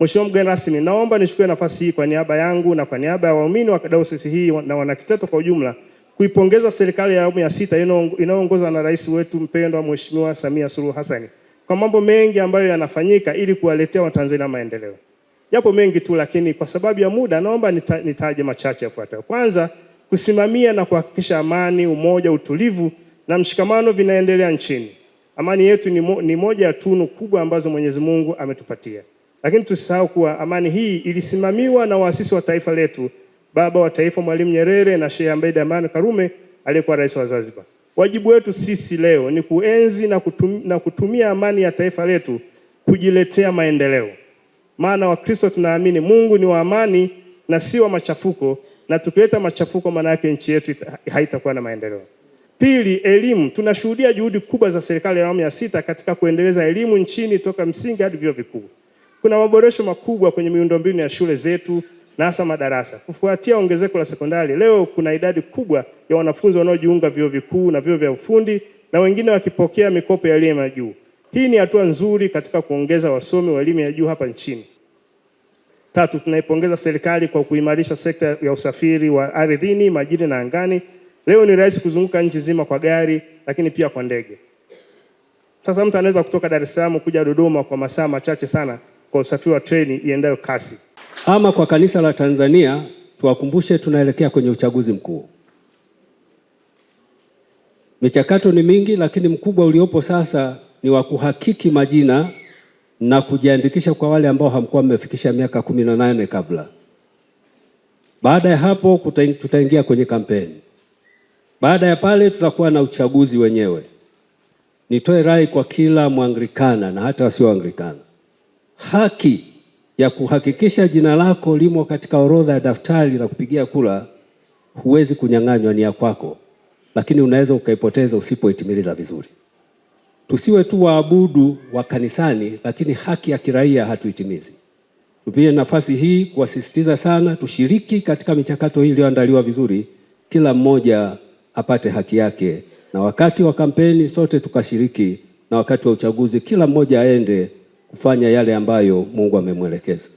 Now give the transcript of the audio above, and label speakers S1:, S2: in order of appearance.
S1: Mheshimiwa mgeni rasmi, naomba nichukue nafasi hii kwa niaba yangu na kwa niaba ya waumini wa dayosisi hii na wanakiteto kwa ujumla kuipongeza serikali ya awamu ya sita inayoongozwa na rais wetu mpendwa Mheshimiwa Samia Suluhu Hassan kwa mambo mengi ambayo yanafanyika ili kuwaletea Watanzania maendeleo. Yapo mengi tu, lakini kwa sababu ya muda naomba nita, nitaje machache yafuatayo. Kwanza, kusimamia na kuhakikisha amani, umoja, utulivu na mshikamano vinaendelea nchini. Amani yetu ni, mo, ni moja ya tunu kubwa ambazo Mwenyezi Mungu ametupatia. Lakini tusisahau kuwa amani hii ilisimamiwa na waasisi wa taifa letu, baba wa taifa Mwalimu Nyerere na Sheikh Abeid Amani Karume aliyekuwa rais wa Zanzibar. Wajibu wetu sisi leo ni kuenzi na kutumia, na kutumia amani ya taifa letu kujiletea maendeleo, maana Wakristo tunaamini Mungu ni wa amani na si wa machafuko, na tukileta machafuko, maana yake nchi yetu haitakuwa na maendeleo. Pili, elimu. Tunashuhudia juhudi kubwa za serikali ya awamu ya sita katika kuendeleza elimu nchini toka msingi hadi vyuo vikuu. Kuna maboresho makubwa kwenye miundombinu ya shule zetu na hasa madarasa. Kufuatia ongezeko la sekondari, leo kuna idadi kubwa ya wanafunzi wanaojiunga vyuo vikuu na vyuo vya ufundi na wengine wakipokea mikopo ya elimu ya juu. Hii ni hatua nzuri katika kuongeza wasomi wa elimu ya juu hapa nchini. Tatu, tunaipongeza serikali kwa kuimarisha sekta ya usafiri wa ardhini, majini na angani. Leo ni rahisi kuzunguka nchi nzima kwa gari, lakini pia kwa ndege. Sasa mtu anaweza kutoka Dar es Salaam kuja Dodoma kwa masaa machache sana kwa usafiri wa treni iendayo kasi.
S2: Ama kwa kanisa la Tanzania tuwakumbushe, tunaelekea kwenye uchaguzi mkuu. Michakato ni mingi, lakini mkubwa uliopo sasa ni wa kuhakiki majina na kujiandikisha kwa wale ambao hamkuwa mmefikisha miaka kumi na nane kabla. Baada ya hapo tutaingia kwenye kampeni. Baada ya pale tutakuwa na uchaguzi wenyewe. Nitoe rai kwa kila Mwanglikana na hata wasio Anglikana haki ya kuhakikisha jina lako limo katika orodha ya daftari la kupigia kura huwezi kunyang'anywa, ni ya kwako, lakini unaweza ukaipoteza usipoitimiliza vizuri. Tusiwe tu waabudu wa kanisani, lakini haki ya kiraia hatuitimizi. Tupie nafasi hii kuwasisitiza sana, tushiriki katika michakato hii iliyoandaliwa vizuri, kila mmoja apate haki yake, na wakati wa kampeni sote tukashiriki, na wakati wa uchaguzi kila mmoja aende kufanya yale ambayo Mungu amemwelekeza.